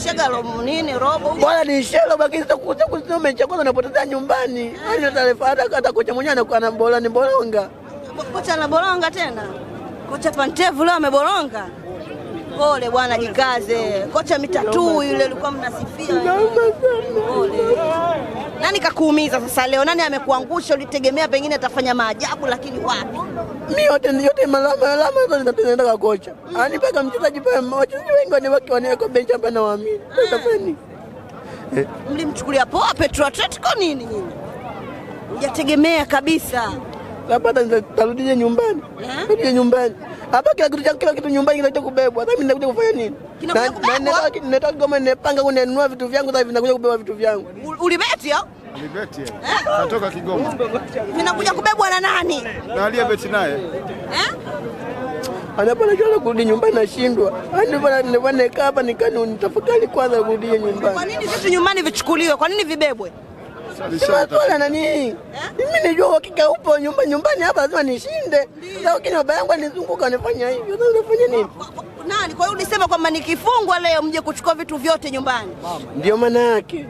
shega robo nini robo. Bora ni shega lakini sitakuta nyumbani. Hadi taarifa hata hata kocha mwenyewe anakuwa na bora ni boronga. Kocha na boronga tena. Kocha Pantevu leo ameboronga. Pole bwana, jikaze. Kocha mitatu yule alikuwa mnasifia. Pole nani kakuumiza sasa leo? Nani amekuangusha? Ulitegemea pengine atafanya maajabu, lakini wapi? Mi yote yote malama malama zote zinaenda kocha. Yaani paka mchezaji pa mmoja, ni wengi wake wanawake kwa bench hapa na waamini. Sasa fani. Mlimchukulia poa Petro Atletico nini nini? Mjategemea kabisa. Labda tarudije nyumbani. Rudi nyumbani. Hapa kila kitu kila kitu nyumbani kinaita kubebwa. Sasa mimi nakuja kufanya nini? Kinakuja kubebwa. Na ninataka kama ninapanga kunenua vitu vyangu sasa vinakuja kubeba vitu vyangu. Ulibeti au? Alibeti yeye. Natoka Kigoma. Ninakuja kubebwa na nani? Na beti naye. Eh? Anapolekeana kurudi nyumbani nashindwa. Yaani nilikuwa nikaa hapa nikani nitafakari kwanza kurudi nyumbani. Kwa nini vitu nyumbani vichukuliwe? Kwa nini vibebwe? Sasa nani? Eh? Mimi najua hakika upo nyumba nyumbani hapa lazima nishinde. Sasa kina baba yangu alizunguka anifanya hivyo. Sasa unafanya nini? Nani? Kwa hiyo ulisema kwamba nikifungwa leo mje kuchukua vitu vyote nyumbani. Ndio maana yake.